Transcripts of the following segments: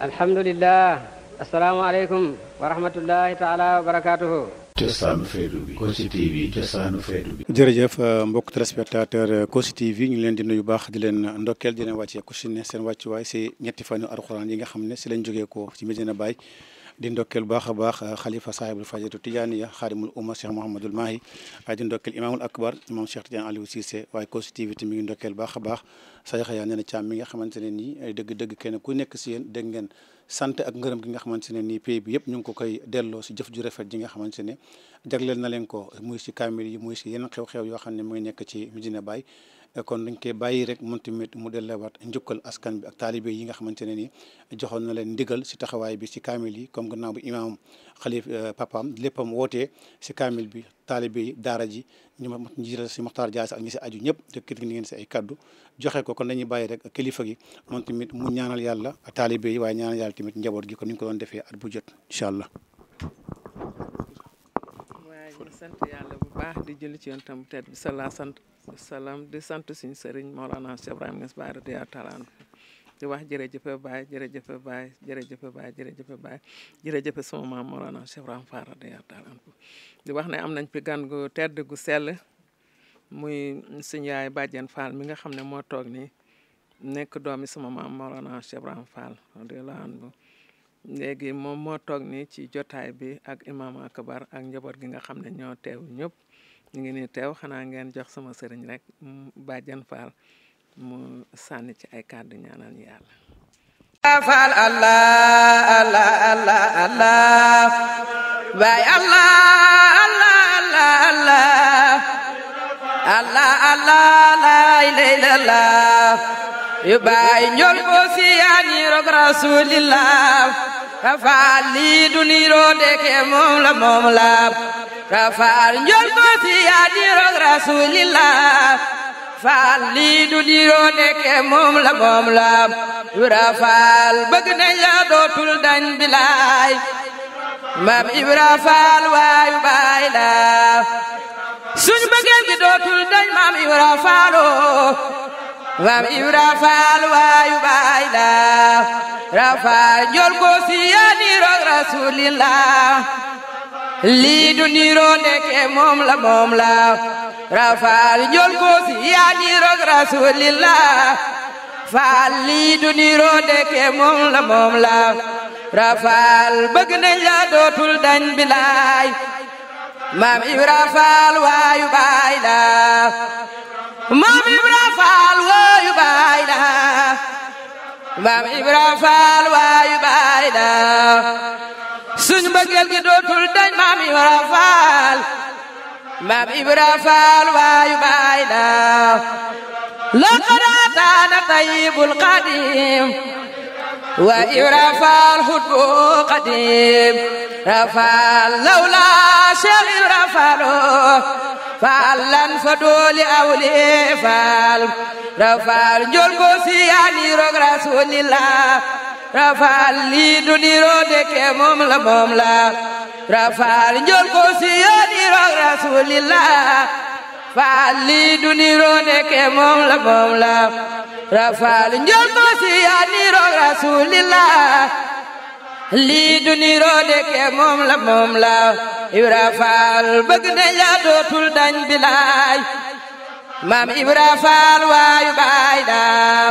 alhamdulillah asalaamaaleykum wa rahmatullahi taala wa barakaatuhu. cosaanu feetu bi Kossy TV cosaanu feetu bi. jërëjëf euh, mbokk téléspectateur euh, Kossy TV ñu leen di nuyu baax di leen ndokkeel di leen wàccee ku si ne seen wàccuwaay si ñetti fanu alxuraan yi nga xam ne si lañ jógee ko ci Medina Baye. di ndokkeel baax a baax xalifa euh, saahibul fajatu tijaaniya xaadimul umma cheikh mouhamadul maahi waaye euh, di ndokkeel imaamul akbar moom cheikh tidiane aliou cissé waaye Kossy TV mi ngi ndokkeel baax a baax sayaxa yaa nee na mi nga xamante ne nii dëgg-dëgg kenn ku nekk si yéen dégg ngeen sant ak ngërëm gi nga xamante ne nii pays bi yëpp ñu ngi ko koy delloo si jëf ju rafet ji nga xamante ne jagleel na leen ko muy si kaamil yi muy si yeneen xew-xew yoo xam ne mu nekk ci Medina Baye kon dañ koy bàyyi rek moom tamit mu dellewaat njukkal askan bi ak taalibe yi nga xamante ne ni joxoon na leen ndigal si taxawaay bi si kaamil yi comme gannaaw bu imam xalif papaam léppam wootee si kaamil bi taalibe yi daara ji ñu ma jiital si Moxtaar Jaas ak ñi si aju ñëpp te critique ngeen si ay kaddu joxe ko kon dañuy bàyyi rek kilifa gi moom tamit mu ñaanal yàlla taalibe yi waaye ñaanal yàlla tamit njaboot gi kon ni ñu ko doon defee at bu jot incha allah ñu yàlla bu baax di jëli ci yonent bu tedd bi sala sant salaam di sant suñu sëriñ Mawlana Cheikh Ibrahima Niass Baye radiyallahu taala anhu di wax jërëjëf baay jërëjëf baay jërëjëf baay jërëjëf baay jërëjëf sama maam Mawlana Cheikh Ibrahima Fall radiyallahu taala anhu di wax ne am nañ fi gan gu gu sell muy suñu yaay Badiane mi nga xam ne moo toog nii nekk doomi sama maam Mawlana Cheikh léegi moom moo toog ni ci jotaay bi ak imam akbar ak njaboot gi nga xam ne ñoo teew ñëpp ñu ngi ni teew xanaa ngeen jox sama sëriñ rek bàjjan faal mu sànni ci ay kàddu ñaanal yàlla faal allah allah allah allah bay allah allah allah allah allah allah laa ilaaha illallaah yu bay ñol ko si yaa ñi rog rasulillah rafaar lii du niroo moom la moom la rafaar njool ko si yaa di faal lii du niroo moom la moom la rafaal bëgg nañ la dootul dañ bilaay maam ibra waayu baay la suñu bëggee gi dootul dañ maam ibra faalo maam Ibra Faal waayu baay laa rafaal njool ko si lii du niroo ndeke moom la moom la rafaal njool ko si faal lii du niroo ndeke moom la moom la rafaal bëgg nañ la dootul dañ bilaay maam Ibra Faal waayu baay laa maam Ibra Faal waayu baay daaw suñu mbëggeel gi dootul dañ maam Ibra Faal maam Ibra Faal waayu baay daaw laqad ataana tayyibul qadiim wa Ibra Faal xutbu qadiim rafaal lawlaa Cheikh Ibra Faal faalan fa dooli awlee faal rafaal njol ko siyaani roog rasuulillah rafaal lii du niroode ke moom la moom la rafaal njol ko siyaani roog rasuulillah faal lii du niroode ke moom la moom la rafaal njol ko siyaani roog rasuulillah lii du niroo dekkee moom la moom laaw Ibra Faal bëgg na yaa dootul dañ bilaay maam Ibra Faal waayu baay daaw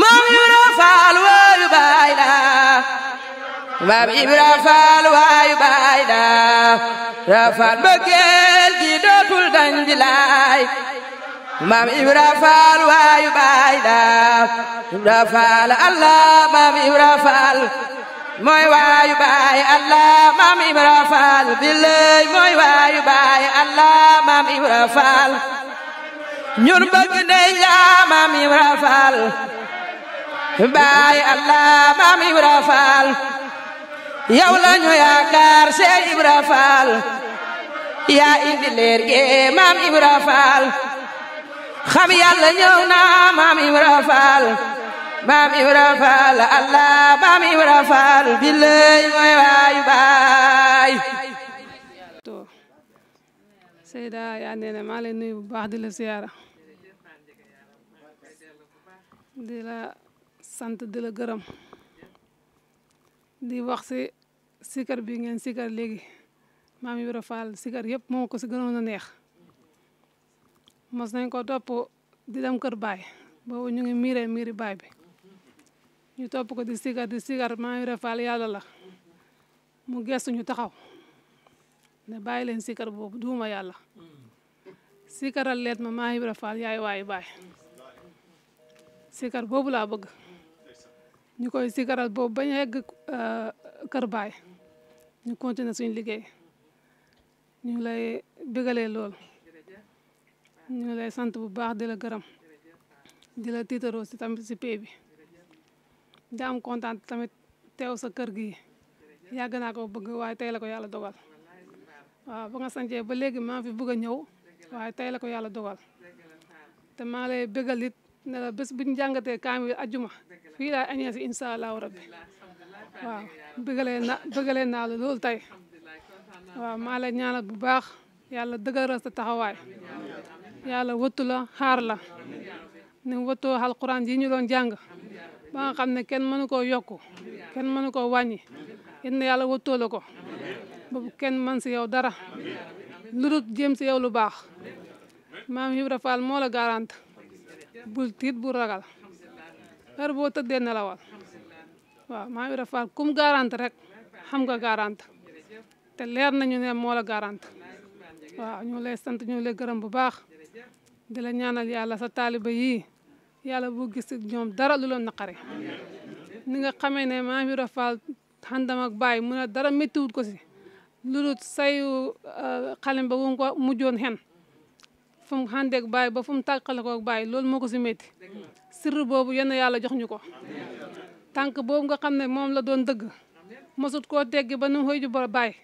maam Ibra Faal waayu baay daaw maam Faal bëggeel gi dootul dañ bilaay maam Ibra Faal waayu baay daaw Ibra Faal Allah maam Ibra Faal mooy waayu baay Allah maam Ibra Faal billaay mooy waayu baay Allah maam Ibra Faal ñun bëgg nañ la maam Ibra Faal baay Allah maam Ibra Faal yow la ñu yaakaar Seex Ibra Faal yaa indi leer gi Ibra Faal xam yàlla ñëw na maam Ibra Faal maam Ibra Faal Allah maam Ibra Faal billaay mooy waayu baay to Seyda yaa nee na maa bu baax di la siyaara di la sant di la gërëm di wax si sikar bi ngeen sikar léegi maam Ibra Faal sikar yëpp moo ko si gënoon a neex mos nañ ko topp di dem kër baay boobu ñu ngi miiree miiri baay bi ñu top ko di sigar di sigar ma Ibra rafal yalla la mu gessu ñu taxaw ne bay leen sigar boobu duuma yalla sigaral leet ma ma Ibra rafal yaay way bay sigar boobu la bëgg ñu koy sigaral boobu bañ yegg euh kër bay ñu continuer suñu liggéey ñu lay bëggalé lool ñu lay sant bu baax di la gërëm di la tiitaroo ci tam ci pé bi di am kontaan tamit teew sa kër gi yàgg naa ko bëgg waaye tey la ko yàlla dogal waaw ba nga sancee ba léegi maa fi bëgg a ñëw waaye tey la ko yàlla dogal te maa la bés bu ñu jàngatee kaamil ajjuma fii laay añee si incha naa la loolu tey waaw maa lay bu baax yàlla dëgëral sa taxawaay yàlla wëttu la xaar la ni wëttoo alquran yi ñu doon jàng ba nga xam ne kenn mënu koo yokku kenn mënu koo wàññi yéen yàlla wëttoola ko boobu kenn mën si yow dara lu jéem si yow lu baax maam Ibra Fall moo la garante bul tiit bul ragal heure boo tëddee nelawal waaw maam Ibra Fall kum garant rek xam nga garant te leer nañu ne moola la garante waaw ñu lay sant ñu lay gërëm bu baax di la ñaanal yàlla sa taaliba yii yàlla bu gis ñoom dara lu leen naqare ni nga xamee ne maam Ibra Fall xandam ak bàyyi mu dara méttiwut ko si loolu say euh, xalim ba mu ko mujjoon xen fu mu xàndeeg bàyyi ba fu mu tàqale ko ak bàyyi loolu moo ko si metti sirr boobu yenn yàlla jox ñu ko tànk boobu nga xam ne moom la doon dëgg mosut koo teggi ba nu mu xëy ju ba bàyyi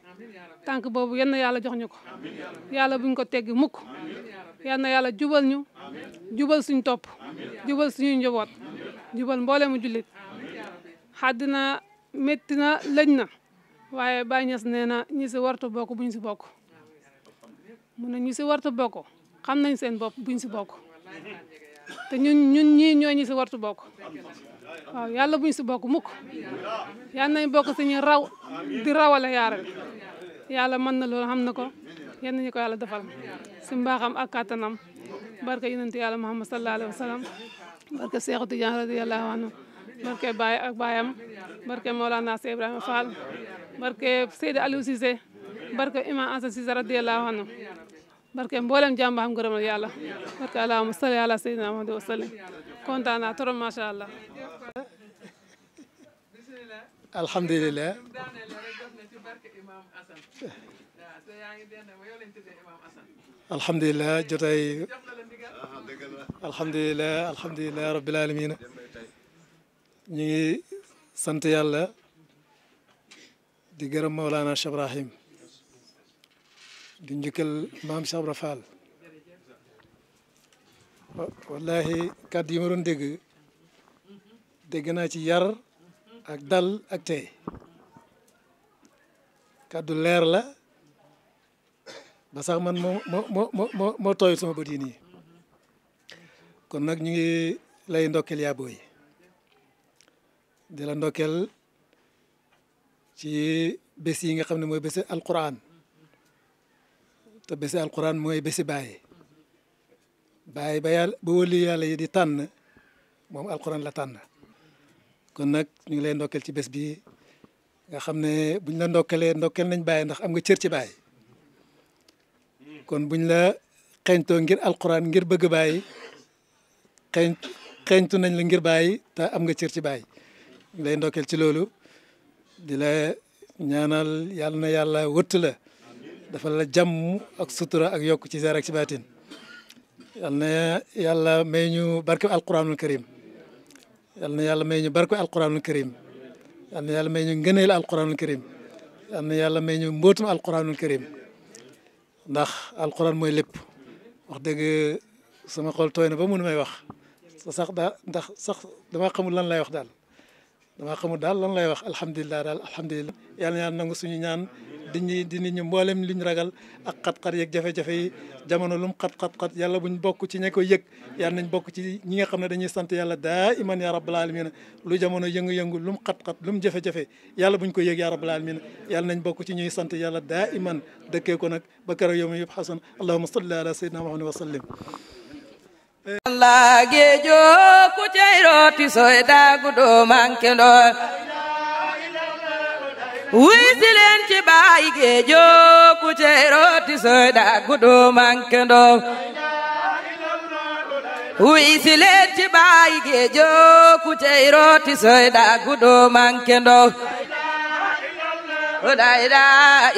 tànk boobu yenn yàlla jox ñu ko yàlla buñ ko teggi mukk yenn yàlla jubal ñu jubal suñ topp jubal suñuy njaboot jubal mboole mu jullit xaddina métti na lëj na waaye Baay Ñas nee na ñi si warta bokk buñ si bokk mu ne si wartu bokk xam nañ seen bopp buñ si bokk te ñun ñun ñii ñoo ñi si wartu bokk waaw yàlla buñ si bokk mukk yàlla nañ bokk si ñu raw di rawale yaara bi yàlla mën na loolu xam na ko yenn ñu ko yàlla defal si mbaaxam ak kàttanam barke yonent yàlla Muhammad sallallahu alayhi wa sallam barke Seexu Tijaan radiyallahu anhu barke Baye ak Bayam barke Mawlana Sey Ibrahima Fall barke Seydi Aliou Cissé barke Imam Assane Cissé radiyallahu anhu barke mboolem jàmm ba xam gërëmal yàlla barke allahumma salli ala sayyidina Muhammad wa sallim kontaan naa trop macha allah. alhamdulilah. alhamdulilah jotaay. الحمد لله الحمد لله رب العالمين ني سنت يالا دي غرم مولانا شبر رحيم دي نجيكل مام شبر فال والله كاد يمرون ديغ ديغنا سي يار اك دال اك تي كاد لير لا باسخ من مو مو مو مو مو توي سما بوتيني kon nag ñu ngi lay ndokkeel yaa booy di la ndokkeel ci bés yi nga xam ne mooy bési alquran te bési alquran mooy bési bàyyi bàyyi ba yàlla ba wëli yàlla yi di tànn moom alquran la tànn kon nag ñu ngi lay ndokkeel ci bés bi nga xam ne buñ la ndokkelee ndokkeel nañ bàyyi ndax am nga cër ci bàyyi kon buñ la xeñtoo ngir alquran ngir bëgg bàyyi xeeñ xeeñtu nañ la ngir bàyyi te am nga cër ci bàyyi lay ndokkeel ci loolu di la ñaanal yàlla na yàlla wëtt la dafa la jàmm ak sutura ak yokk ci zaar ak ci baatin yàlla na yàlla may ñu barke alquranul karim yàlla na yàlla may ñu barke alquranul karim yàlla na yàlla may ñu ngëneel alquranul karim yàlla na yàlla may ñu mbootum alquranul karim ndax alquran mooy lépp wax dëgg sama xool tooy na ba mënu may wax sax daa ndax sax damaa xamul lan lay wax daal damaa xamul daal lan lay wax alhamdulillah daal alhamdulilah yàlla ñaan nangu suñu ñaan di ñi di nit ñu mboolem li ñu ragal ak xat-xat yeeg jafe-jafe yi jamono lum xat-xat-xat yàlla buñ bokk ci ña koy yëg yàlla nañ bokk ci ñi nga xam ne dañuy sant yàlla daa iman ya rabbal alamin lu jamono yëngu-yëngu lum xat-xat lum jafe-jafe yàlla buñ ko yëg ya rabbal alamin yàlla nañ bokk ci ñuy sant yàlla daa iman dëkkee ko nag ba keroog yow mi yëpp xasan allahuma salli ala sayyidina muhammad wa sallim allah geejo ku cayrooti soydaagu doo manke ndool wuysilen ci baay geejo ku cayrooti soydaagu doo manke ndool wuysilen ci baay geejo ku cayrooti soydaagu doo manke ndool dayda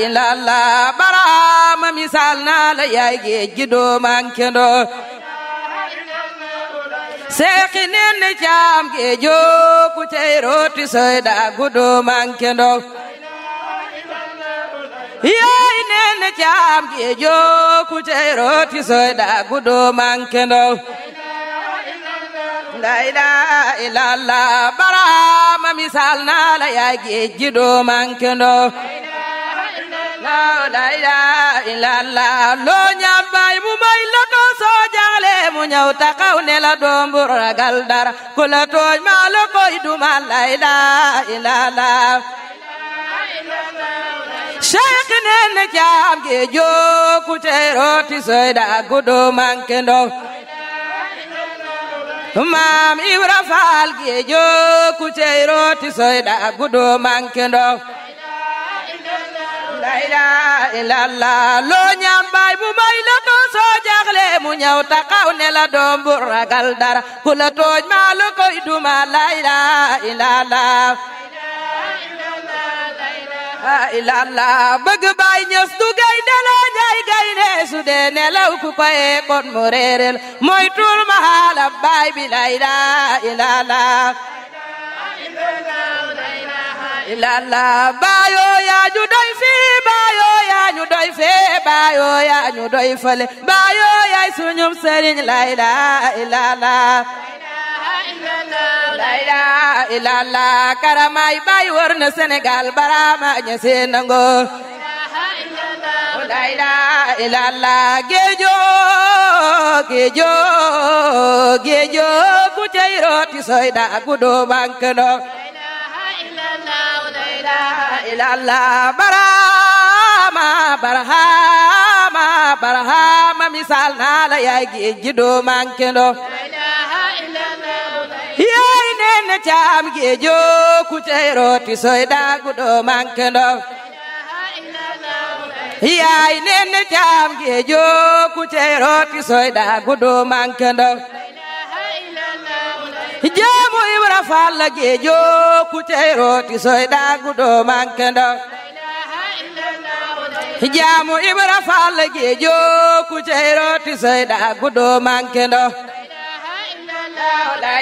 ilalla baraama misal naa la yaay geej gi doo manke ndool seexi nin ni caam geejo ku cey rooti soyda gudu manke yey nin ni caam geejo ku cey rooti soyda gudu manke ndong la ilaha illallah misal na la yaa geejji do manke ndong la ilaha illallah loo ñaan baay mu may la ko soo mu ñëw taxaw ne doom bu ragal ku la tooñ maa la koy dumal la ilaha illallah Cheikh neen na jaam gi jooku te rooti soy daa gudu manke ndox maam Ibra Faal gi jooku te rooti soy daa gudu manke ndox la ilaha illallah loo ñaan baay bu may la ko soo mu ñëw taxaw ne doom bu ragal dara ku la tooñ maa la koy duma la ilaha illallah ilalla bëgg baay ñës du gay ne la ñay gay ne su dee nelaw ku koye mu réeréel mooy tuul ma xaala baay bi la ilalla ilalla baayoo yaa ñu doy fii baayoo yaa ñu doy fee baayoo yaa ñu doy fële baayoo yaay suñu sëriñ laa ilaaha illallaah laa ilaaha illallaah karamaay baay wër na Sénégal baraama ñesee nango laa ilaaha illallaah géejoo géejoo géejoo ku cey rooti soy daa ku doo bank no ilalla barama barahama barahama gi doo manqué ndox rooti soy doo manqué ndox jaamu ibra faal la géejo ku tey rooti soy doo manke ndaw jaamu ibra faal la géejo ku tey rooti soy doo manke ndaw la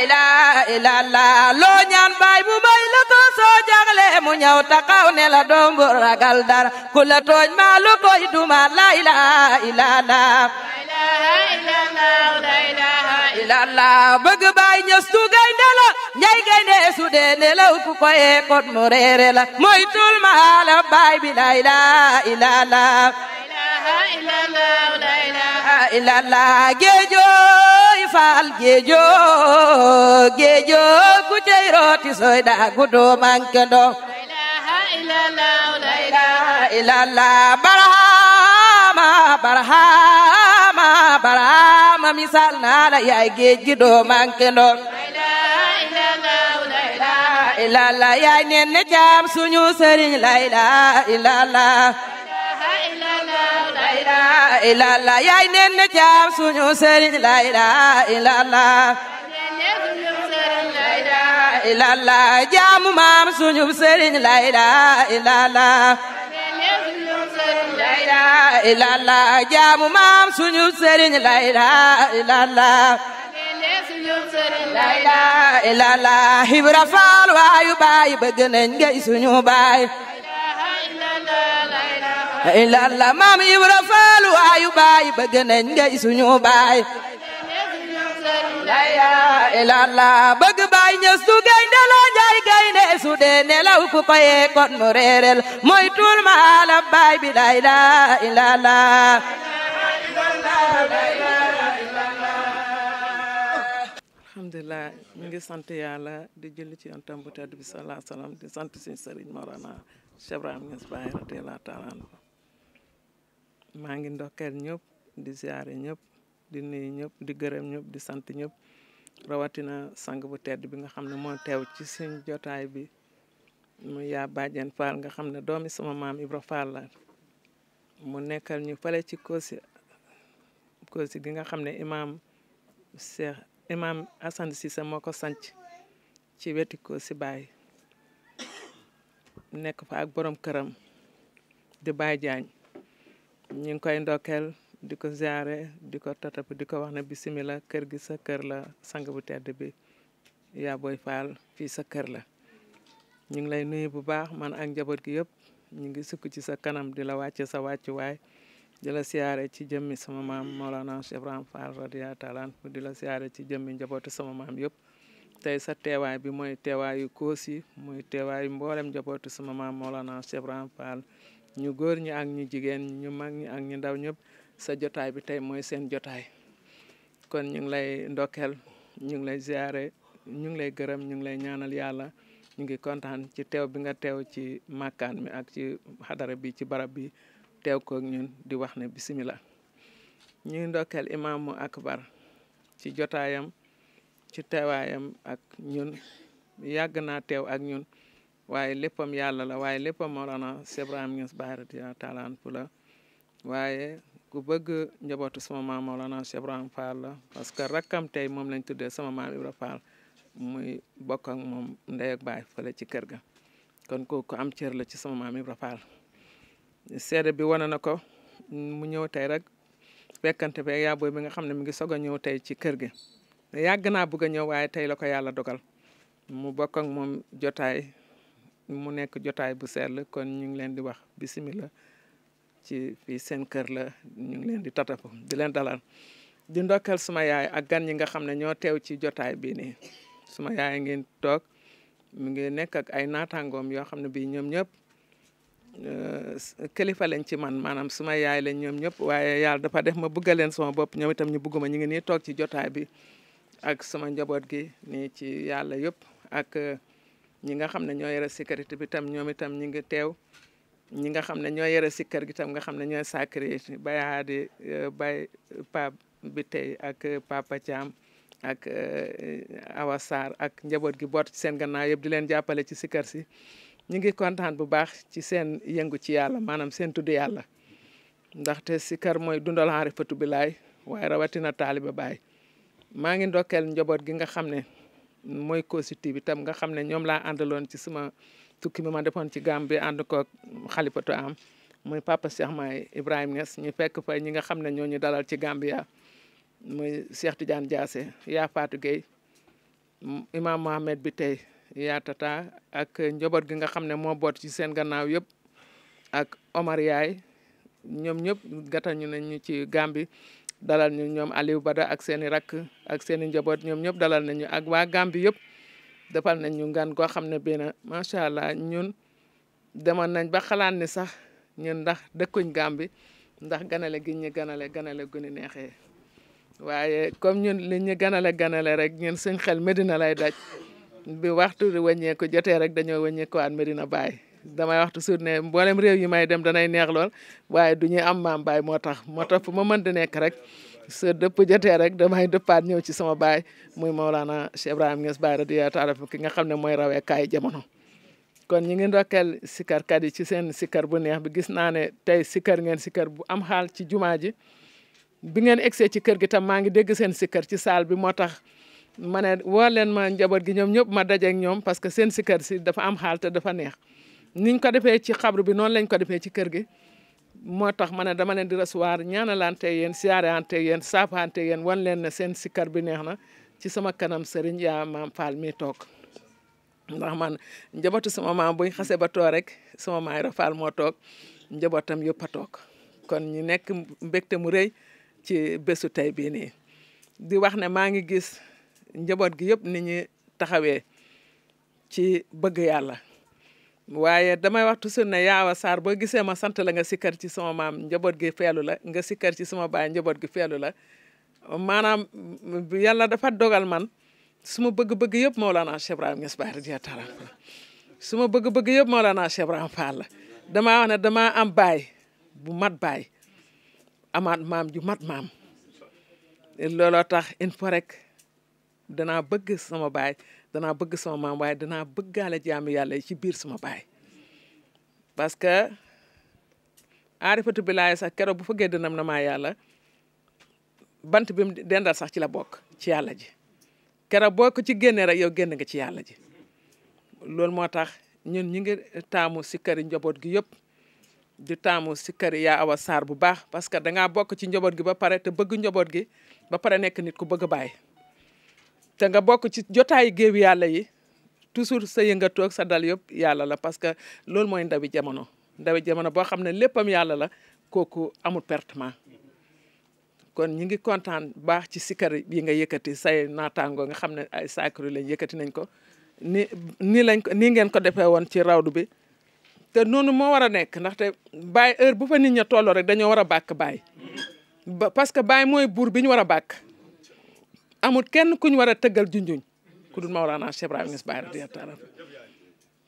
ilaha loo ñaan baay mu may la ko soo mu ñaw taxaw ne doom bu ragal dara ku la tooñ maa lu koy duma la ilaha illallah la bëgg baay ñëstu gaynde la ñay gaynde su dee nelaw kot mu reere la mooy tul maala baay bi la ilaha illallah illallah faal géejoo géejoo ku cey rooti sooy daa gudoo manke ndo illallah barahama barahama baraama misaal naa la yaay géej gi doo manqué ndox ilalla yaay neen ne jaam suñu sëriñ layla ilalla ilalla yaay neen ne jaam suñu sëriñ layla ilalla ilalla jaamu maam suñu sëriñ layla ilalla ilalla jaamu maam suñu sëriñ la ilalla ilalla Ibra Faal waayu baay bëgg maam Ibra Faal waayu baay bëgg nañ ngay suñu yaa ilaallah bëgg baay ñës gaynde la njaay gaynde su dee nelaw ku ko yee mu reerel mooy tuul ma alam baay bi laa ilaaha ilaallah alhamdulilah ñu ngi sant yàlla di julli ci yonent bu tedd bi sallallahu alayhi wa sallam di sant suñu sëriñ Mawlana Cheikh Ibrahima Niass Baye radiyallahu taala maa ngi ndokkeel ñëpp di ziare ñëpp di nuyu ñëpp di gërëm ñëpp di sant ñëpp rawatina sang bu tedd bi nga xam ne moo teew ci suñ jotaay bi mu yaa bàjjen Fall nga xam ne doomi sama maam Ibra Fall la mu nekkal ñu fale ci Kossy Kossy gi nga xam ne imaam Cheikh imaam Assane Cissé moo ko sanc ci weti Kossy Baye nekk fa ak borom këram di Baye Diagne ñu ngi koy ndokkeel di ko ziare di ko tatap di ko wax ne bisimila kër gi sa kër la sang bu tedd bi ya boy faal fi sa kër la ñu ngi lay nuyu bu baax man ak jabot gi yëpp ñu ngi sukk ci sa kanam di la wàcce sa way di la ziaré ci jëmmi sama mam Maulana Cheikh Ibrahim Fall radiyallahu taala anhu di la ziaré ci jëmmi njabootu sama mam yëpp tay sa téway bi moy téway yu kosi moy téway mbolam njabootu sama mam Maulana Cheikh Ibrahim Fall ñu góor ñi ak ñu jigen ñu mag ñi ak ñu ndaw ñëpp sa jotaay bi tey mooy seen jotaay kon ñu ngi lay ndokkeel ñu ngi lay ziare ñu ngi lay gërëm ñu ngi lay ñaanal yàlla ñu ngi kontaan ci teew bi nga teew ci màkkaan mi ak ci xadara bi ci barab bi teew kook ñun di wax ne bisimilah. ñu ngi ndokkeel imaamu akbar ci jotaayam ci teewaayam ak ñun yàgg naa teew ak ñun waaye léppam yàlla la waaye léppam Mawlana Cheikh Ibrahim Niass Baay radiyallaahu taala anhu la waaye. ku bëgg njabootu sama maam Maolana Cheikh Ibrahima Fall la parce que rakkam tey moom lañ tuddee sama maam Ibra Fall muy bokk ak moom ndey ak baay fële ci kër ga kon kooku am cër la ci sama maam Ibra Fall seede bi wane na ko mu ñëw tey rek fekkante be yaa booy bi nga xam ne mi ngi soog a ñëw tey ci kër gi yàgg naa bugg a ñëw waaye tey la ko yàlla dogal mu bokk ak moom jotaay mu nekk jotaay bu sell kon ñu ngi leen di wax bisimilah. ci fii seen kër la ñu ngi leen di tatafu di leen dalal di ndokkal suma yaay ak gan ñi nga xam ne ñoo teew ci jotaay bi nii suma yaay ngeen toog mu ngi nekk ak ay naataangoom yoo xam ne bii ñoom ñëpp euh, kilifa lañ ci man maanaam suma yaay lañ ñoom ñëpp waaye yàlla dafa def ma bëgga leen sama bopp ñoom itam ñu bëgg ma ñu ngi nii toog ci jotaay bi ak sama njaboot gi nii ci yàlla yëpp ak euh, ñi nga xam ne ñoo yore sécurité bi itam ñoom itam ñu ngi teew ñi nga xam ne ñoo yore si kër gi tam nga xam ne ñooy sacré bay haadi bay pap bi euh, tey ak euh, papa Thiam ak euh, awasar ak njaboot gi boot ci seen gannaaw yëpp di leen jàppale ci si ñu ngi kontaan bu baax ci seen yëngu ci yàlla maanaam seen tudd yàlla ndaxte sikkar mooy dundal xarifatu bi laay waaye rawatina taaliba baay maa ngi ndokkeel njaboot gi nga xam ne mooy Kossy TV bi tam nga xam ne ñoom laa àndaloon ci sama tukki bi ma defoon ci Gambie ànd ko xalifatu am muy papa Cheikh Mahi Ibrahima Niass ñu fekk fay ñi nga xam ne ñoo ñu dalal ci Gambia muy Cheikh Tidiane Diassé yaa Fatou Gueye imam Mohamed bi tey yaa tata ak njaboot gi nga xam ne moo boot ci seen gannaaw yëpp ak Omar Yaay ñoom ñëpp gata ñu nañu ci Gambie dalal ñu ñoom Aliou Bada ak seen rakk ak seeni njoboot ñoom ñëpp dalal nañu ak waa Gambie yëpp. defal nañ ñu ngan koo xam ne bii nag macha allah ñun demal nañ ba xalaat ni sax ñun ndax dëkkuñ Gàmbi ndax ganale gi ñu ganale ganale gu ñu neexee waaye comme ñun li ñu ganale ganale rek ñun suñ xel Medina lay daj bi waxtu wàññeeku jotee rek dañoo wàññeekuwaat Medina Baye damay waxtu suur ne mboolem réew yi may dem danay neex lool waaye du am maam Baye moo tax moo tax fu ma mën di nekk rek. sa dëpp jotee rek damay dëppaat ñëw ci sama baay muy Maolana Cheikh Ibrahim Niass Baye radiyallahu taala ki nga xam ne mooy rawee kaay jamono. kon ñu ngi ndokkeel sikarkat yi ci seen sikar bu neex bi gis naa ne tey sikar ngeen sikar bu am xaal ci jumaa ji bi ngeen egsee ci kër gi tam maa ngi dégg seen sikar ci saal bi moo tax ma ne woo leen ma njaboot gi ñoom ñëpp ma dajeeg ñoom parce que seen sikar si dafa am xaal te dafa neex niñ ko defee ci xabru bi noonu lañ ko defee ci kër gi. moo tax ma ne dama leen di recevoir ñaanalante yéen siyaarante yéen saafante yéen wan leen ne seen sikkar bi neex na ci sama kanam sëriñ yaa maam Fall mi toog ndax man njabootu sama maam buñ xasee ba too rek sama maam Ibra Fall moo toog njabootam yëpp a toog kon ñu nekk mbégte mu rëy ci bésu tey bii nii di wax ne maa ngi gis njaboot gi yëpp ni ñu taxawee ci bëgg yàlla waaye damay wax toujours ne yaawa Sarr boo gisee ma sant la nga sikkar ci sama maam njaboot gi feelu la nga sikkar ci sama baay njaboot gi feelu la maanaam yàlla dafa dogal man suma ma bëgg-bëgg yëpp Mawlana Cheikh Ibrahim Niass Baye radiyallahu su ma bëgg-bëgg yëpp Mawlana Cheikh Ibrahim Fall la damaa damaa am baay bu mat baay amaat maam ju mat maam looloo tax une fois rek danaa bëgg sama baay danaa bëgg sama maam waaye danaa bëggaale jaami yàlla yi ci biir sama baay parce que aarifatu bilaay sax keroog bu fëggee gëdd nam na maa yàlla bant bi mu dendal sax ci la bokk ci yàlla ji keroog boo ko ci génnee rek yow génn nga ci yàlla ji loolu moo tax ñun ñu ngi taamu si këri njaboot gi yëpp di taamu si kër yaa awa saar bu baax parce que dangaa bokk ci njaboot gi ba pare te bëgg njaboot gi ba pare nekk nit ku bëgg a bàyyi te nga bokk ci jotaay géew yàlla yi toujours sa yëngatu ak sa dal yëpp yàlla la parce que loolu mooy ndawi jamono ndawi jamono boo xam ne léppam yàlla la kooku amul pertement kon ñi ngi kontaan baax ci sikar yi nga yëkkati say naataangoo nga xam ne ay saakaru lañ yëkkati nañ ko ni nii lañ ko nii ngeen ko defee woon ci rawdu bi te noonu moo war a nekk ndaxte baay heure bu fa nit ña tolloo rek dañoo war a bàkk baay ba parce que Baye mooy buur bi ñu war a bàkk amul kenn kuñ war a tëggal junjuñ ku dul Maolana Cheikh Ibrahima Niass Baye radiyallahu taala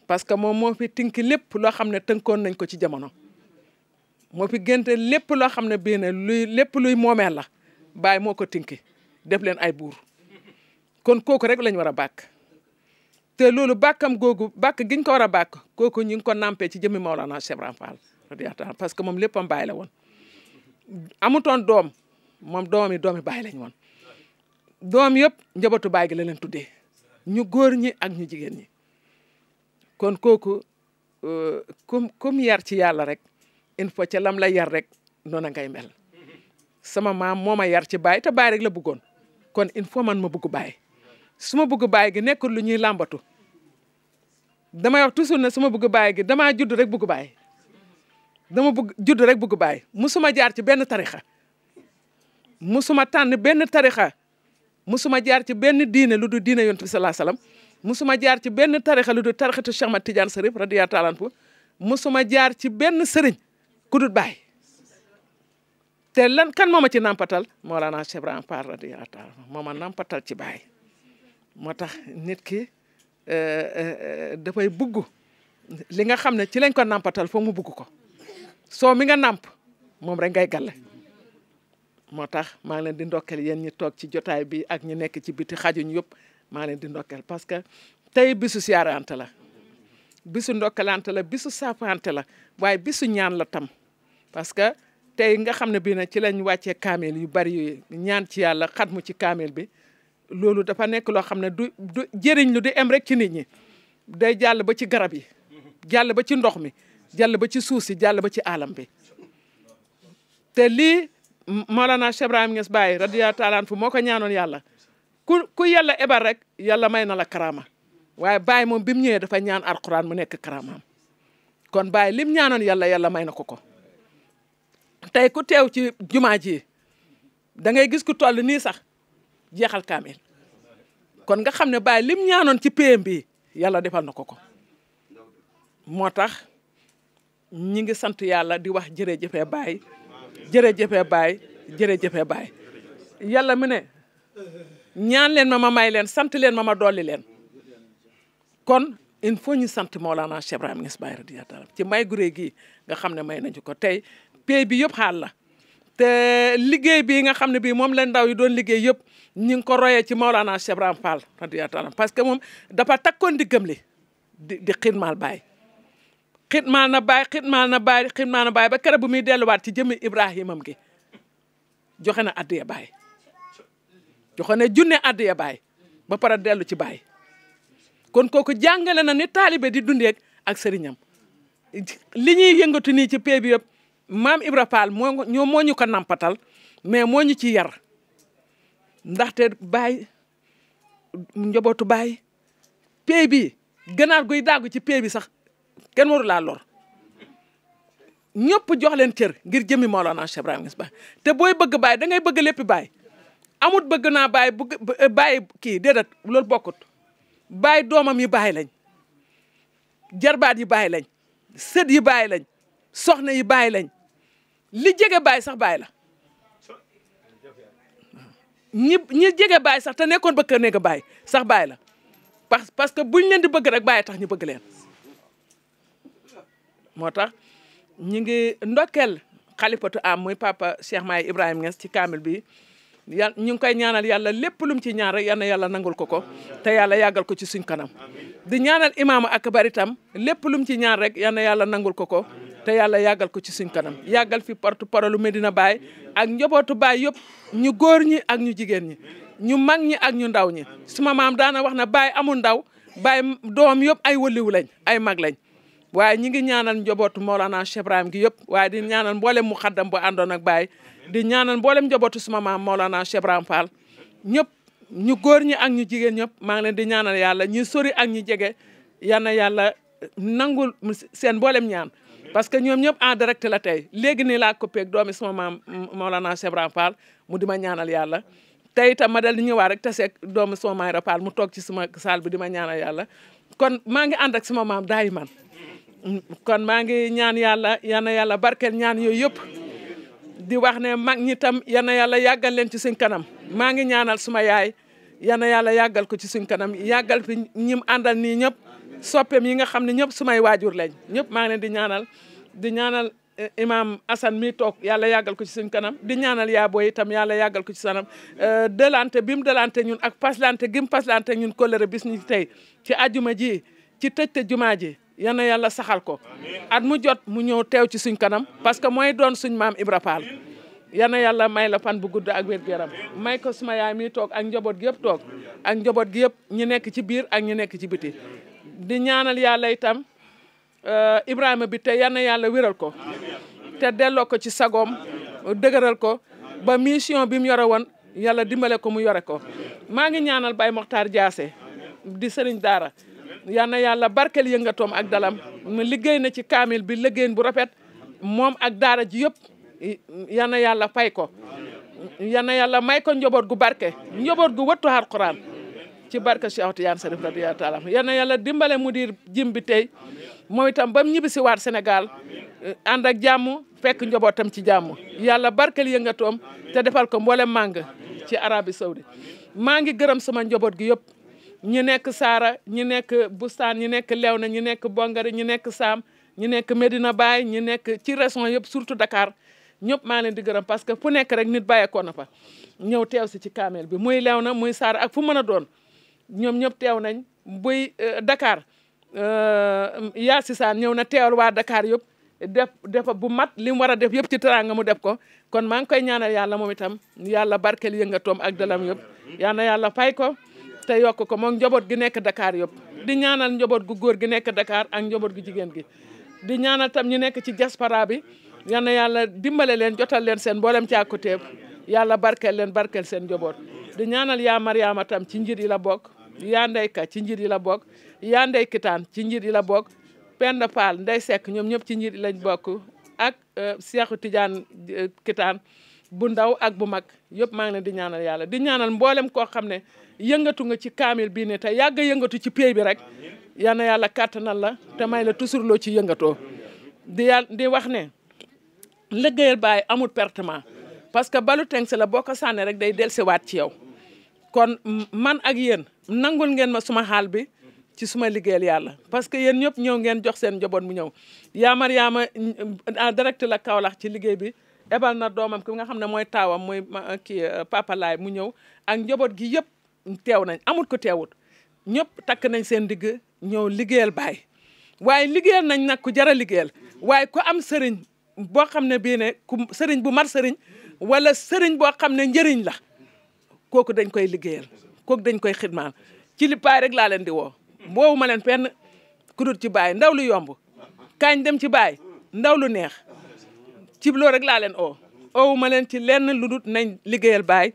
parce que moom moo fi tinki lépp loo xam ne tënkoon nañ ko ci jamono moo fi gënte lépp loo xam ne bii luy lépp luy moomeel la Baye moo ko tinki def leen ay buur kon kooku rek lañ war a bàkk te loolu bàkkam googu bàkk giñ ko war a bàkk kooku ñu ngi ko nampee ci jëmmi Maolana Cheikh Ibrahima Fall radiyallahu taala parce que moom léppam Baye la woon amutoon doom moom doom yi doomi Baye woon doom yëpp njabootu baay gi la leen tuddee ñu góor ñi ak ñu jigéen ñi kon kooku comme euh, comme yar ci yàlla rek il ca lam la yar rek noona ngay mel sama maam moo ma yar ci baay te baay rek la bëggoon kon il faut man ma bëgg baay su ma bëgg baay gi nekkul lu ñuy làmbatu damay wax toujours ne su ma baay gi damaa judd rek bëgg baay dama bëgg judd rek bëgg baay musuma jaar ci benn tarixa musuma tànn benn tarixa musuma jaar ci benn diine lu du diine yonent bi salaa salaam musuma jaar ci benn tarixa lu dul tarixatu Cheikh Mat Tidiane Sarif radiyallahu taala anhu musuma jaar ci benn serigne ku dul te lan kan moma ci nampatal molana Cheikh ibrahim par radiyallahu taala moma nampatal ci mata moo tax nit ki eh, eh, dafay bugg li nga xam ci lañ ko nampatal foog mu bugg ko soo mi nga namp moom rek ngay moo tax maa ngi leen di ndokkeel yéen ñi toog ci jotaay bi ak ñi nekk ci biti xajuñ yëpp maa leen di ndokkeel parce que tey bisu siyaarante la bisu ndokkalante la bisu saafante la waaye bisu ñaan la tam parce que tey nga xam ne bii nag ci lañ wàccee kaamil yu bari ñaan ci yàlla xat mu ci kaamil bi loolu dafa nekk loo xam ne du du jëriñ lu di em rek ci nit ñi day jàll ba ci garab yi jàll ba ci ndox mi jàll ba ci suuf si jàll ba ci alam bi te lii Mawlana naa Ibrahim Niass Baye radiyallahu taala anhu moo ko ñaanoon yàlla ku ku yàlla ebal rek yàlla may na la karaama waaye Baye moom bi mu ñëwee dafa ñaan alquran mu nekk karaamaam kon Baye lim ñaanoon yàlla yàlla may na ko ko tey ku teew ci jumaa ji da gis ku toll nii sax jeexal kaamil kon nga xam ne Baye lim ñaanoon ci PM bi yàlla defal na ko ko moo tax ñi ngi sant yàlla di wax jërëjëfe Baye jërëjëfe baay jërëjëfe baay yàlla mu ne ñaan leen ma ma may leen sant leen ma ma dolli leen kon il faut ñu sant Mawlana Cheikh Ibrahima Niass Baye radiyallahu taala ci may gu réy gii nga xam ne may nañu ko tey pay bi yëpp xaal la te liggéey bii nga xam ne bii moom la ndaw yi doon liggéey yëpp ñu ngi ko royee ci Mawlana Cheikh Ibrahima Fall radiyallahu taala parce que moom dafa takkoon diggam li di di xidmaal baay xitmaal na baay xitmaal na baay xitmaal na baay ba kere bu muy delluwaat ci jëmmi Ibrahimam gi joxe na addiya baay joxe na junne addiya baay ba pare dellu ci baay kon kooku jàngale na ni taalibe di dundee ak sëriñam li yëngatu nii ci pee bi yëpp maam Ibra Fall ñoo moo ñu ko nampatal mais moo ñu ci yar ndaxte baay njobootu baay pee bi ganaar guy dàggu ci pee bi sax kenn waru laa lor ñëpp jox leen cër ngir jëmmi Maolana Cheikh Ibrahima Niass Baye te booy bëgg Baye da ngay bëgg lépp baay amut bëgg naa Baye bëgg Baye kii déedéet loolu bokkut Baye doomam yi Baye lañ jarbaat yi Baye lañ sët yi Baye lañ soxna yi Baye lañ li jege Baye sax baay la ñi ñi jege Baye sax te nekkoon bëgg a nekk Baye sax baay la parce parce que buñ leen di bëgg rek Baye tax ñu bëgg leen. moo tax ñi ngi ndokkeel xalifatu am muy papa Cheikh Maye Ibrahima Niass ci kaamil bi yal ñu ngi koy ñaanal yàlla lépp lum ci ñaan rek yal yàlla nangul ko ko te yàlla yàggal ko ci suñ kanam di ñaanal imaamu akbar itam lépp lum ci ñaan rek yal yàlla nangul ko ko te yàlla yàggal ko ci suñ kanam yàggal fi porte parole Medina baay ak njobootu Baye yëpp ñu góor ñi ak ñu jigéen ñi ñu mag ñi ak ñu ndaw ñi suma maam daana wax na Baye amul ndaw Baye doom yëpp ay wëliw lañ ay mag lañ waye ñi ngi ñaanal njobot Maulana Cheikh Ibrahim gi yëpp waye di ñaanal mbolem mu bu andon ak bay di ñaanal mbolem njobot suma mam Maulana Cheikh Ibrahim Fall ñëpp ñu goor ñi ak ñu jigéen ñëpp ma ngi leen di ñaanal Yalla ñi sori ak ñi jégué yal Yalla nangul seen mbolem ñaan parce que ñom ñëpp en direct la tay légui ni la copé ak doomi suma mam Maulana Cheikh Ibrahim Fall mu di ma ñaanal Yalla tay ta ma dal di ñëwaat rek tassé doomi sama maam Fall mu tok ci suma salle bi di ma ñaanal Yalla kon ma ngi and ak suma mam kon maa ngi ñaan yàlla yana yàlla barkeel ñaan yooyu yëpp di wax ne mag ñi yana yàlla yàggal leen ci suñ kanam maa ngi ñaanal suma yaay yana yàlla yàggal ko ci suñ kanam yàggal fi ñim àndal nii ñëpp soppeem yi nga xam ne ñëpp sumay waajur lañ ñëpp maa ngi leen di ñaanal di ñaanal eh, imaam Assane mi toog yàlla yàggal ko ci suñ kanam di ñaanal yaa booy itam yàlla yàggal ko ci sanam eh, delante bi mu delante ñun ak paslante gi mu paslante ñun kóllëre bis ñu tey ci ajuma ji ci tëj jumaa ji yal na yàlla saxal ko at mu jot mu ñëw teew ci suñ kanam parce que mooy doon suñ maam Ibra Fall yal yàlla may la pan bu gudd ak wér yaram may ko suma yaay mi toog ak njaboot gi yëpp toog ak njaboot gi yëpp ñu nekk ci biir ak ñu nekk ci biti di ñaanal yàlla itam euh, Ibrahima bi te yal na yàlla wéral ko te delloo ko ci sagoom dëgëral ko ba mission bi mu yore woon yàlla dimbale ko mu yore ko maa ngi ñaanal bay Mokhtar Diassé di sëriñ daara yal na yàlla barkeel yëngatoom ak dalam mu liggéey na ci kaamil bi liggéey bu rafet moom ak daara ji yëpp yal na yàlla fay ko yal na yàlla mayko ko njaboot gu barke njaboot gu wëttu Alxuraan ci barke Cheikh Tidiane Chérif radiyallaahu taala yal na yàlla dimbale mudir jim bi tey moom itam ba mu ñibbi si waat Sénégal eh, ànd ak jàmm fekk njabootam ci jàmm yàlla barkeel yëngatoom te defal ko mboolem màng ci Arabie Saoudite maa ngi gërëm sama njaboot gi yëpp ñu nekk Saara ñu nekk Bustaan ñu nekk Léona ñu nekk Bongari ñu nekk Saam ñu nekk Medina baay ñu nekk ci région yëpp surtout dakaar ñëpp maa leen di gërëm parce que fu nekk rek nit bàyyeekoo na fa ñëw teew si ci kaameel bi muy Léona muy Saara ak fu mën a doon ñoom ñëpp teew nañ buy euh, Dakar euh, yaa si saan ñëw na teewal waa dakaar yëpp def defa bu mat li mu war a def yëpp ci teraanga mu def ko kon maa ngi koy ñaanal yàlla moom itam yàlla barkeel yëngatoom ak dalam yëpp yal na yàlla te yokk ko moom njaboot gi nekk dakaar yëpp di ñaanal njaboot gu góor gi nekk dakaar ak njaboot gu jigéen gi di ñaanal tam ñu nekk ci diaspora bi yal yàlla dimbale leen jotal leen seen mboolem càkkutéeb yàlla barkeel leen barkeel seen njaboot di ñaanal yaa Mariama tam ci njir yi la bokk yaa Ndey ci njir la bokk yaa Ndey Kitaan ci njir yi la bokk Penda Paal Ndey Seck ñoom ñëpp ci njir yi lañ bokk ak euh, Seexu Tijaan euh, Kitaan bu ndaw ak bu mag yëpp maa ngi leen di ñaanal yàlla di ñaanal mboolem koo xam ne yëngatu nga ci kaamil bii ne te yàgg yëngatu ci pey bi rek yal na yàlla kàttanal la te may la toujours loo ci yëngatoo di di wax ne liggéeyal baay amul pertement parce que balu teng si la boo ko sànnee rek day waat ci yow kon man ak yéen nangul ngeen ma suma xaal bi ci suma liggéeyal yàlla parce que yéen ñëpp ñëw ngeen jox seen njaboot mu ñëw yaa Mariama en direct la Kaolack ci liggéey bi ebal na doomam ki nga xam ne mooy taawam mooy kii mu ñëw ak njaboot gi yëpp teew nañ amut ko teewut ñëpp takk nañ seen digg ñëw liggéeyal baay waaye liggéeyal nañ nag ku jara a waaye ku am sëriñ boo xam ne biine ne sëriñ bu mat sëriñ wala sëriñ boo xam ne njëriñ la kooku dañ koy liggéeyal kooku dañ koy xidmaal ci li paay rek laa leen di woo boobu ma leen fenn ku dul ci baay ndaw lu yomb kaañ dem ci baay ndaw lu neex ci loo rek laa leen oo oowu ma leen ci lenn lu dul nañ liggéeyal baay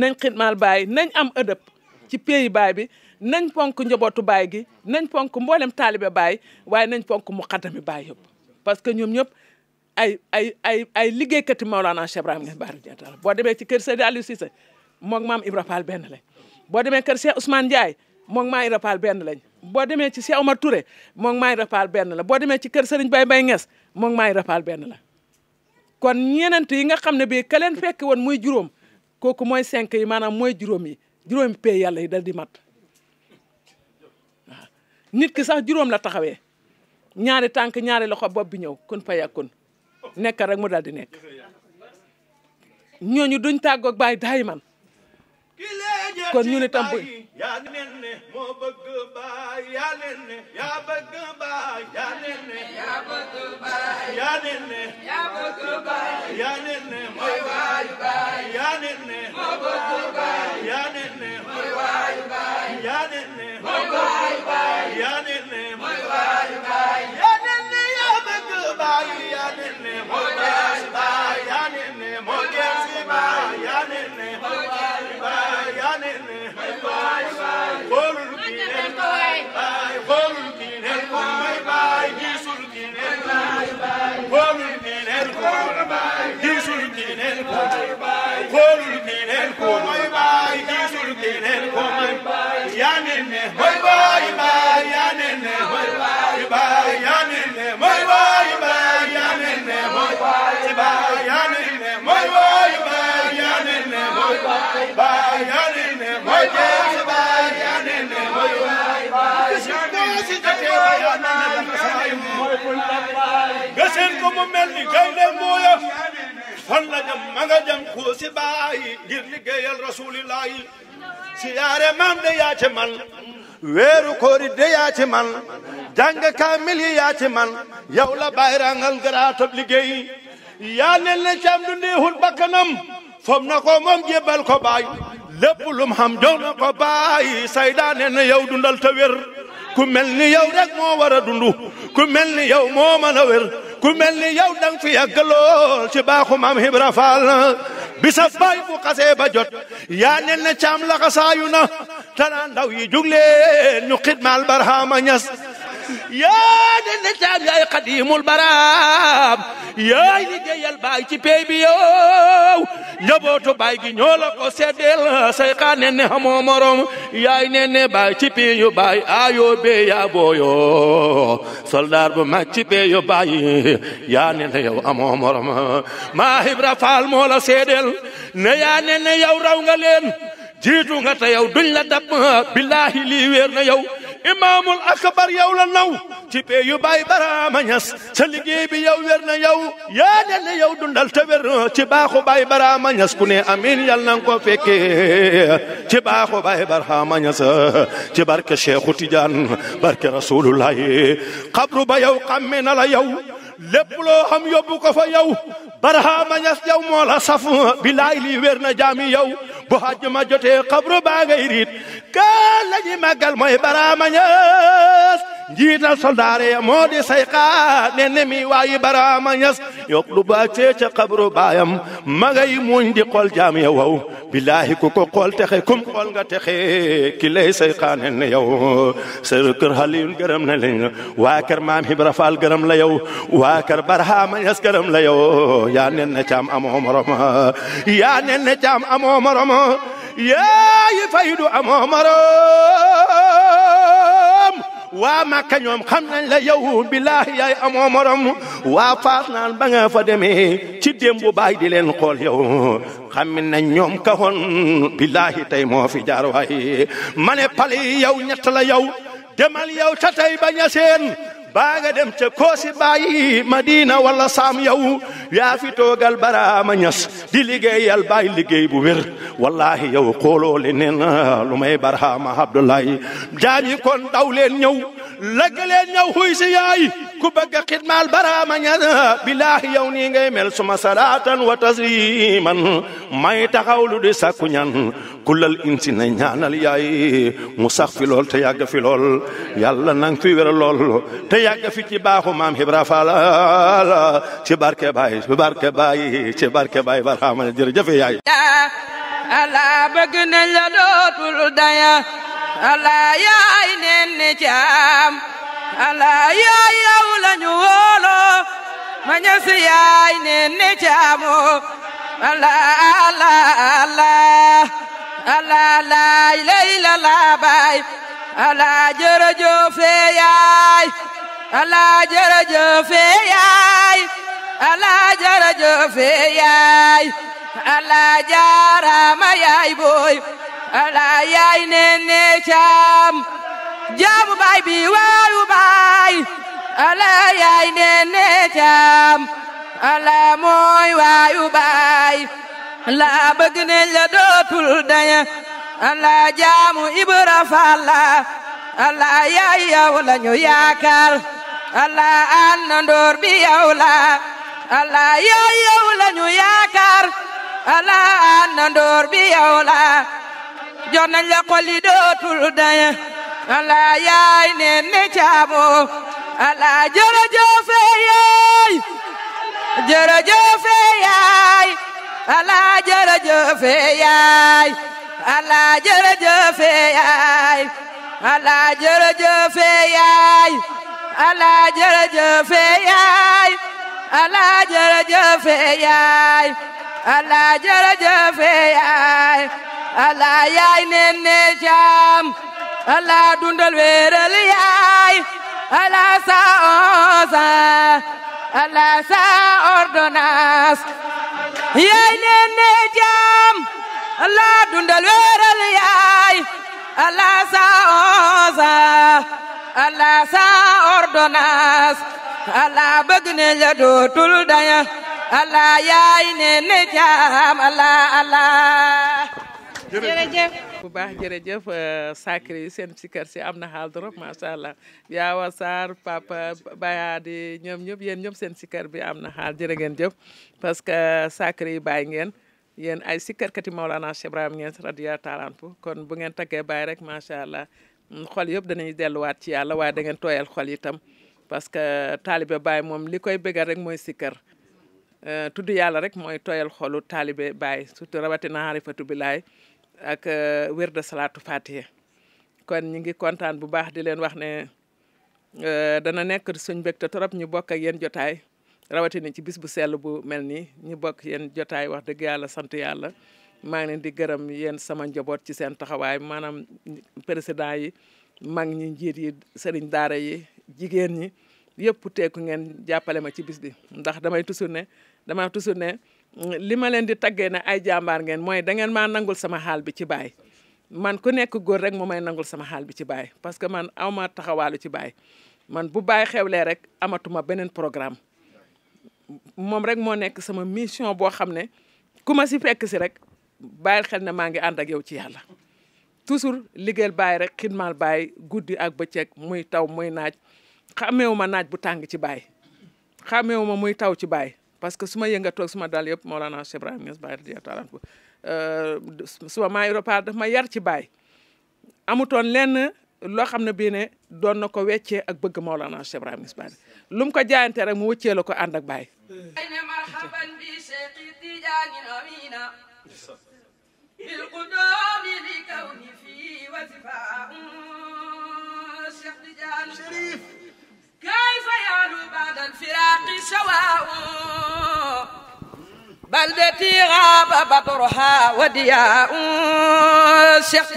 nañ xidmaal baay nañ am ëdëb ci pays baay bi nañ ponk njabootu baay gi nañ ponk mboolem taalibe baay waaye nañ ponk mu xaddami baay yëpp parce que ñoom ñëpp ay ay ay ay liggéeykati Maolana Cheikh Ibrahima Niass Baara Ndiaye boo demee ci kër Seydi Aliou Cissé moog maam Ibra Fall benn boo demee kër Cheikh Ousmane Ndiaye moog maam Ibra benn lañ boo demee ci Cheikh Omar Touré moog maam Ibra benn la boo demee ci kër Serigne Baye Baye Niass moog maam Ibra Fall benn la kon ñeneent yi nga xam ne bii ka leen fekk won muy juróom kooku mooy cinq yi maanaam mooy juróom juróomi pay yàlla yi dal di mat waaw ki sax juróom la taxawee ñaari tànk ñaari loxo bopp bi ñëw kun paya kun nekka rek mu dal di nekk ñooñu duñ tàggoog bàyyi daay man kon ñu ne tam yaa leen ne moo bëgg baay yaa leen ne yaa bëgg baay yaa leen ne yaa bëgg baay yaa leen ne yaa bëgg baay yaa leen ne mooy waayu baay yaa leen ne moo bëgg baay yaa leen ne mooy waayu baay yaa leen ne mooy waayu baay yaa leen ne mooy waayu baay yaa leen ne yaa bëgg baay yaa leen ne mooy waayu baay bayanine moy moy bayanine moy moy bayanine moy moy bayanine moy moy gëseen ko mu mel ni gaynde mooya fan la jëm ma nga jëm ko si bàyyi ngir liggéeyal rasulillahi si yaare maam de yaa ci man weeru koori de yaa ci man jàng kaamil yi yaa ci man yow la bàyyi rangal garaatab liggéey yaanel ne caam du ndeexul bakkanam fob na ko moom jébbal ko baay lépp lum xam jox na ko baay saydaane na yow dundal ta wér ku mel ni yow rek moo war a dundu ku mel ni yow mooma mën a wér ku mel ni yow dang fi yàgg lool ci baaxu maam Ibra Faal bisab baay bu xasee jot yaanel ne caam laxasaayu na tanaa ndaw yi jugleen ñu xidmaal Barhama Ñas yaa de ndeysaan yaay xadiimul baraam yaay liggéeyal baay ci pey bi yow njabootu baay gi ñoo la ko seddeel sayqa nenne xamoo morom yaay nenne baay ci pey baay aayoo bee yaa soldaar bu mag ci pey yu baay yaa nenne yow amoo morom maa Ibra Faal moo la ne yaa nenne yow raw nga leen jiitu nga te yow duñ billaahi lii na yow imaamul akbar yow la naw ci pee yu baraama ñas sa liggéey bi yow wér na yow yaa ne ne dundal te wér ci baaxu baay baraama ñas ku ne amiin yal na ko fekke ci baaxu baay baraama ñas ci barke Cheikhu Tidiane barke rasulullahi xabru ba yow xamme na la yow lépp loo yóbbu ko fa yow baraama ñas yow moo la saf bilaay lii wér na jaami yow bu xajjuma jotee xabru baa ngay riit ka la ñuy màggal mooy baraama ñas njiital soldaare ya moo di sayqa ne ne mi waayi baraama ñas yok lu baa cee ca baayam ma ngay muñ di xool jaam ya wow billaahi ku ko xool texe kum xool nga texe ki lay sayqa ne ne yow sër kër Haliyun gërëm na leen waa kër maam Ibra Faal gërëm la yow waa kër baraama ñas gërëm la yow yaa nen na caam amoo morom yaa nen na caam amoo morom amoo yaayi faydu amoo morom waa Makka ñoom xam nañ la yow billahi yaay amoo morom waa Faas naan ba fa demee ci démb baay di leen xool yow xam nañ ñoom ka woon billahi tey moo fi jaar waay ma ne pali yow ñett demal yow ca tey bañ baa nga dem ca koosi bàyyi madina wala saam yow yaa fi toogal baraama ñas di liggéeyal bàyyi liggéey bu wér wallahi yow xooloo le neen lu may barhaama abdullahi jaam yi kon daw leen ñëw yaay ku bëgga xidmaal baraama ñas bilaahi yow nii ngay mel suma salaatan wa tasliman may taxawlu di sàkku ñan kulal insi na ñaanal yaay mu sax fi lool te yàgg fi lool yàlla nang fi wéra lool te yàgg fi ci baaxu maam Ibra Faal ci barke baay ci barke baay ci barke baay baraama Allah bëgg nañ la dootul daya Allah yaay neen ne caam ala yaa yow lañu wóolo ma ñas yaay neen ne caamo ala ala ala ala laay lay la laabaay ala jërëjëfe yaay ala jërëjëfe yaay ala jërëjëfe yaay ala jaarama yaay booy ala yaay neen ne caam jaamu baay bi waayu baay ala yaay nene caam ala mooy waayu baay la bëgg ne la dootul daya ala jaamu ibra falla ala yaay yow lañu yaakaar ala àndandoor bi yow la ala yaay yow lañu yaakaar ala àndandoor bi yow la jox nañ la xol yi dootul daya ala yaay neen ne caabo ala jërëjëf yaay jërëjëf yaay ala jërëjëf yaay ala jërëjëf yaay ala jërëjëf yaay ala jërëjëf yaay ala jërëjëf yaay ala jërëjëf yaay ala yaay neen ne caam Allah dundal wéeral yaay Allah sa onsa Allah sa ordonnance yaay neen ne jaam Allah dundal wéeral yaay Allah sa onsa Allah sa ordonnance Allah bëgg ne la dootul daya Allah yaay neen ne jaam Allah Allah jërëjëf bu baax jërëjëf euh, sacré yi seen sikar si am na xaal trop macha allah yaawa Sarr papa Bayaadi ñoom ñëpp yéen ñëpp seen bi am na xaal jërë ngeen jëf parce que sacré yi bàyyi ngeen yéen ay sikkarkati Maolana Cheikh Ibrahim ngeen radiyallahu taala anhu kon bu ngeen taggee bàyyi rek macha allah mm, xol yëpp danañu delluwaat ci yàlla waaye da ngeen tooyal xol itam parce que taalibe Baye moom li koy bégal rek mooy sikkar euh, tudd yàlla rek mooy tooyal xolu taalibe Baye surtout rawatina xaarifatu bilaay ak euh, wér de salaatu fatiha kon ñu ngi kontaan bu baax di leen wax ne euh, dana nekk suñ mbégte trop ñu bokk ak yéen jotaay rawatina ci bis bu sell bu mel ni ñu bokk yéen jotaay wax dëgg yàlla sant yàlla maa ngi di gërëm yéen sama njaboot ci seen taxawaay maanaam président yi mag ñi njiit yi sëriñ daara yi jigéen ñi yëpp teeku ngeen jàppale ma ci bis bi ndax damay toujours ne damay toujours ne li ma leen di taggee ne ay jàmbaar ngeen mooy dangeen maa nangul sama xaal bi ci baay man ku nekk góor rek mu may nangul sama xaal bi ci baay parce que man awma taxawaalu ci baay man bu baay xewlee rek amatuma beneen programme moom rek moo nekk sama mission boo xam ne ku ma si fekk si rek bàyyil xel ne maa ngi ànd ak yow ci yàlla toujours liggéeyal baay rek xidmaal baay guddi ak bëccëg muy taw muy naaj xàmmeewu ma naaj bu tàng ci baay xàmmeewu ma muy taw ci baay parce que su ma yëngatoo ak suma dal yëpp Mawlana Cheikh Ibrahima Niass Baye radiyallahu taala anhu euh, suma maay repas daf ma yar ci baay amutoon lenn loo xam ne bii ne doon na ko weccee ak bëgg Mawlana Cheikh Ibrahima Niass Baye lu mu ko jaayante rek mu wëccee la ko ànd ak baay Chérif كيف يعلو بعد الفراق سواء بلدتي غاب ببرها ودياء شيخ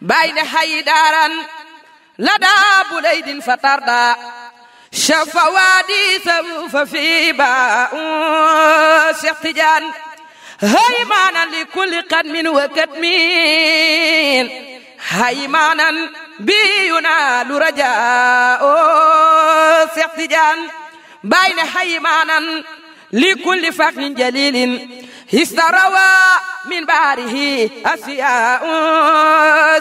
بين حيدارا لدى بليد فتردى شف وادي ثوف في باء شيخ هيمانا لكل قدم وكتم هيمانا بينا لرجاء سيحتجان بين حيمانا لكل فخر جليل استروى من باره أشياء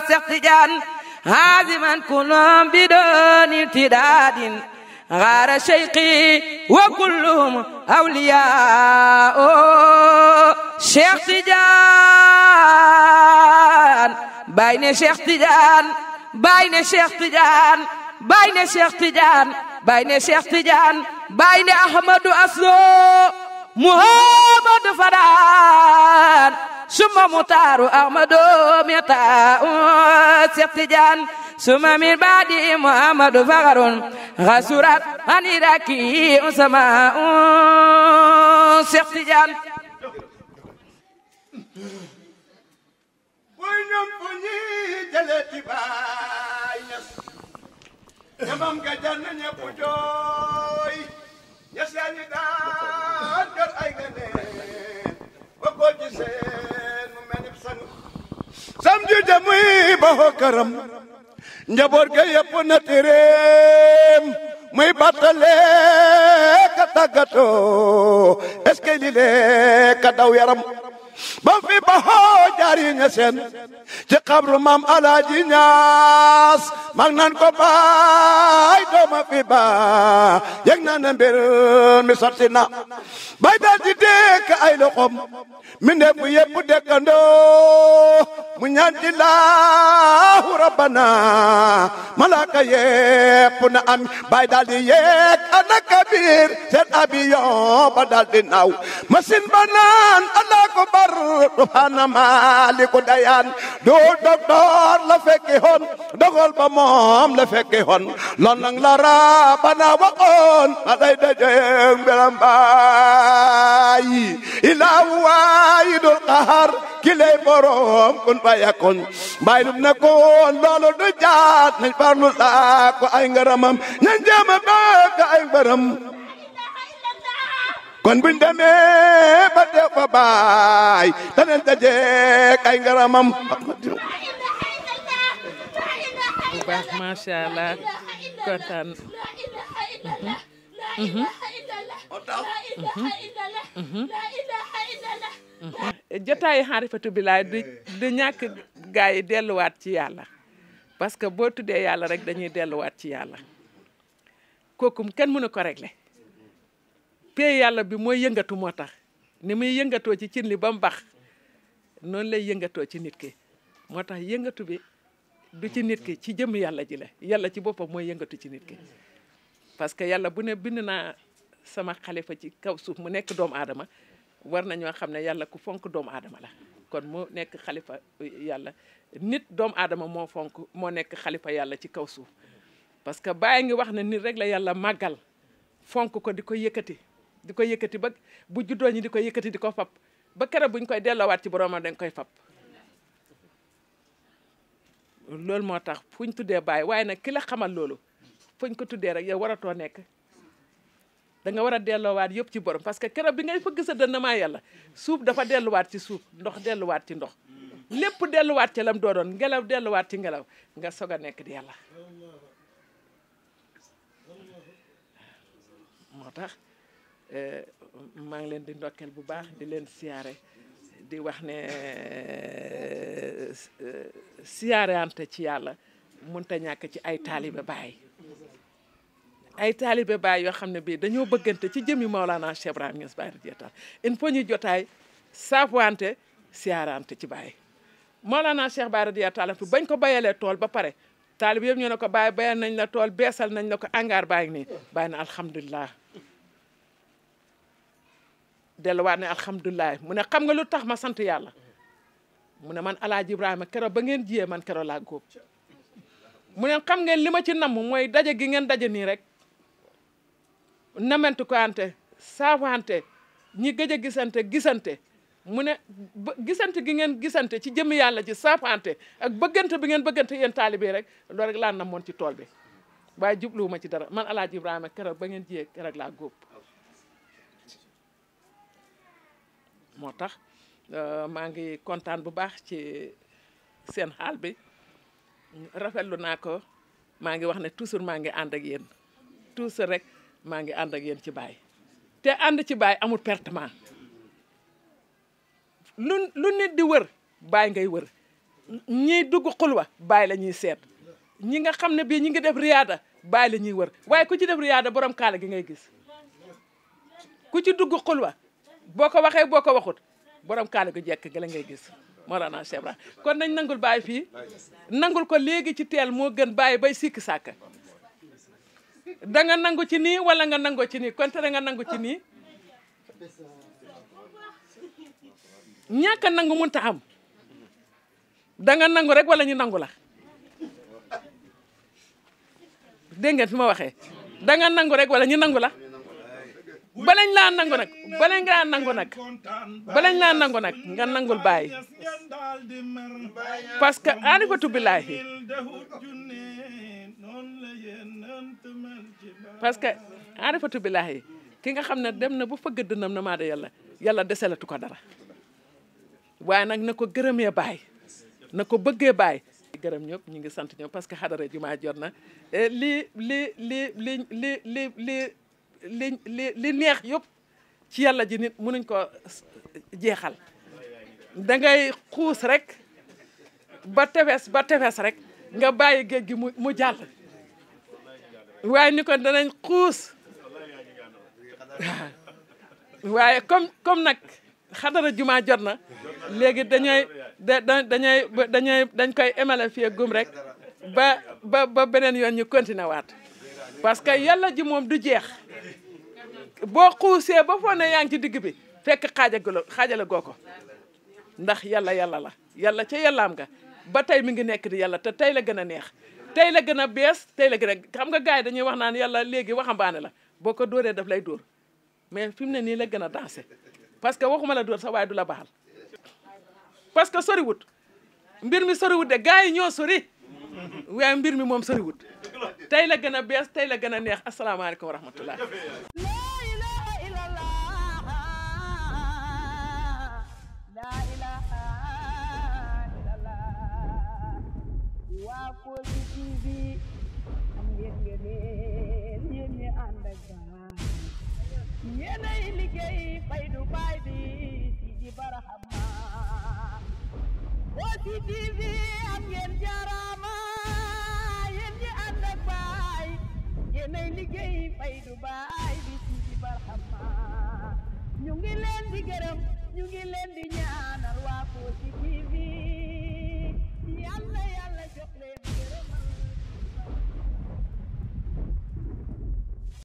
سيحتجان هازما كلهم بدون امتداد غار شيقي وكلهم أولياء شيخ تجان بين شيخ تجان baay ne Cheikh Tidiane baay ne Cheikh Tidiane baay ne Cheikh Tidiane baay ne Ahmadou Aslo Muhammadu Fadan suma mutaaru Ahmadou mitaa Cheikh Tidiane suma min baadi Muhammadu fagarun xasurat aniraki usama Cheikh Tidiane muy ñoom fu ñuy jëlee ci baay ñamam nga jar na ñëpp jooy ñas yaa ay ganeen ba koo giseen mu mel ni sang ba xokkaram njaboot ga yëpp na téréem muy battale ka tàggatoo est-ce que li le ka bam fi baxoo jariña seen ci xabru maam alaaji ñaas mag nan ko baay dooma fi ba yeg na mbir mi sotti bay daal di dékk ay loxom mi ne bu yëpp dëkkandoo mu ñaan ci laahu rabbana malaaka yëpp na am bay daal di yeeg ana kabir seen abiyon ba daal di naaw masin ba naan allah ba docteur maaliku dayaan du docteur la fekki hon dogal ba moom la fekki hon loon nang la rabbana waxoon ma day dajeeg mbelam baay ilaahu waahidul qahar kiley borom kun fa yakun mbaay lum na koon loolu du jaat nañ farlu laa ay ngaramam ñan jéema bëgg ay ngaram kon buñ démé ba def fa baay danañ dajeek ngaramam bu baax macha allah kontaan mhm. mhm. mhm. jotaayu Harifatu Billah du du ñàkk gaa yi ci yàlla parce que boo tuddee yàlla rek dañuy delluwaat ci yàlla kookum kenn mënu ko régler pee yàlla bi mooy yëngatu moo tax ni muy yëngatoo ci cin li ba mu noonu lay yëngatoo ci nit ki moo tax yëngatu bi du ci nit ki ci jëm yàlla ji la yàlla ci boppam mooy yëngatu ci nit ki parce que yàlla bu ne bind naa sama xalifa ci kaw suuf mu nekk doomu aadama war na ñoo xam ne yàlla ku fonk doomu aadama la kon mu nekk xalifa yàlla nit doomu aadama moo fonk moo nekk xalifa yàlla ci kaw suuf parce que bàyyi ngi wax ne nit rek la yàlla màggal fonk ko di ko yëkkati di ko yëkkati ba bu juddoo ñi di ko yëkkati di ko fab ba keroog buñ koy delloowaat ci boroomam danga koy fab loolu moo tax fuñ tuddee bàyyi waaye nag kila la xamal loolu fuñ ko tuddee rek yow waratoo nekk da nga war a delloowaat yëpp ci borom parce que keroog bi ngay fëgg sa dënn maa yàlla suuf dafa delluwaat ci suuf ndox delluwaat ci ndox lépp delluwaat ci lam doo doon ngelaw delluwaat ci ngelaw nga sog a nekk di yàlla moo tax maa ngi leen di ndokkeel bu baax di leen siyaare di wax ne eh, siyaareante ci yàlla mun ta ñàkk ci ay taalibe baay ay taalibe baay yoo xam ne bii dañoo bëggante ci jëmi Maolana Cheikh Ibrahima Niass Baye radiyallahu il faut ñu jotaay saafuwante siyaarante ci baay Maolana Cheikh Baye radiyallahu bañ ko bayalee tool ba pare taalibe yëpp ñoo ne ko baay bayal nañ la tool beesal nañ la ko angaar baa ngi nii bàyyi na alhamdulilah. delluwaat ne alhamdulilah mu ne xam nga lu tax ma sant yàlla mu ne man alaaji Ibrahima kero ba ngeen jiyee man kero laa góob mu ne xam ngeen li ma ci namm mooy daje gi ngeen daje nii rek namentu ko ante saafante ñi gëj a gisante gisante mu ne gisante gi ngeen gisante ci jëmm yàlla ci ante ak bëggante bi ngeen bëggante yéen taalibe rek loolu rek laa namoon ci tool bi waaye jubluwuma ci dara man alaaji Ibrahima kero ba ngeen jiye rek laa góob moo tax euh, maa ngi kontaan bu baax ci seen xaal bi rafetlu naa ko maa ngi wax ne toujours maa ngi ànd ak yéen toujours rek maa ngi ànd ak yéen ci baay te ànd ci baay amul pertement lu lu nit di wër baay ngay wër ñiy dugg xulwa baay la ñuy seet ñi nga xam ne bii ñi ngi def riyaada baay la ñuy wër waaye ku ci def riyaada borom kaala gi ngay gis ku ci dugg xulwa boko waxe boko waxut borom kala gu jek gi ngay gis morana Cheikh Ibra kon nañ nangul bàyyi fi nangul ko legi ci tel walangan gën bàyyi bay sik sak da nga nangu ci ni wala nga nangu ci nii konte da nga nangu ci ni ñaka nangu munta am da nga nangu rek wala ñu nangu la da nga nangu rek wala ñu nangu la balañ laa nangu nag balañ laa nangu nag laa nangu nag nga nangul bàyyi parce que arifatu billaahi parce que arifatu billaahi ki nga xam ne dem na bu fëgg dënnam maa de yàlla yàlla deselatu ko dara waaye nag na ko gërëmee bàyyi na ko bëggee bàyyi gërëm ñëpp ñu ngi sant ñëpp parce que xadara jumaa jot na eh, lii lii lii lii li li neex yëpp ci yàlla ji nit mënuñ ko jeexal da ngay xuus rek ba tefes ba tefes rek nga bàyyi géej gi mu mu jàll waaye ni ko danañ xuus waaye comme comme nag xadara juma jot na léegi dañooy da dañooy dañooy dañ koy émale fii gum rek ba ba ba beneen yoon ñu continué waat parce que yàlla ji moom du jeex boo xuusee ba foog ne yaa ngi ci digg bi fekk xaajagala xaajale goo ko ndax yàlla yàlla la yàlla ca yàllaam nga ba tey mi ngi nekk di yàlla te tey la gën a neex tey la gën a bees tey la gën a xam nga gars yi dañuy wax naan yàlla léegi waxambaane la boo ko dóoree daf lay dóor mais fi mu ne nii la gën a dansé parce que waxuma la dóor sa waaye du la baal parce que soriwut mbir mi soriwut de gars yi ñoo sori mbir mi moom soriwut tey la gën a bees tey la gën a neex asalaamaaleykum wa rahmatullah Kossy TV am ngeen ngeen yéen ñi ànd baay yéenay liggéey liggéey faydu bi si ji barahama ñu leen di gërëm ñu leen di ñaanal waa Kossy TV yàlla yàlla jox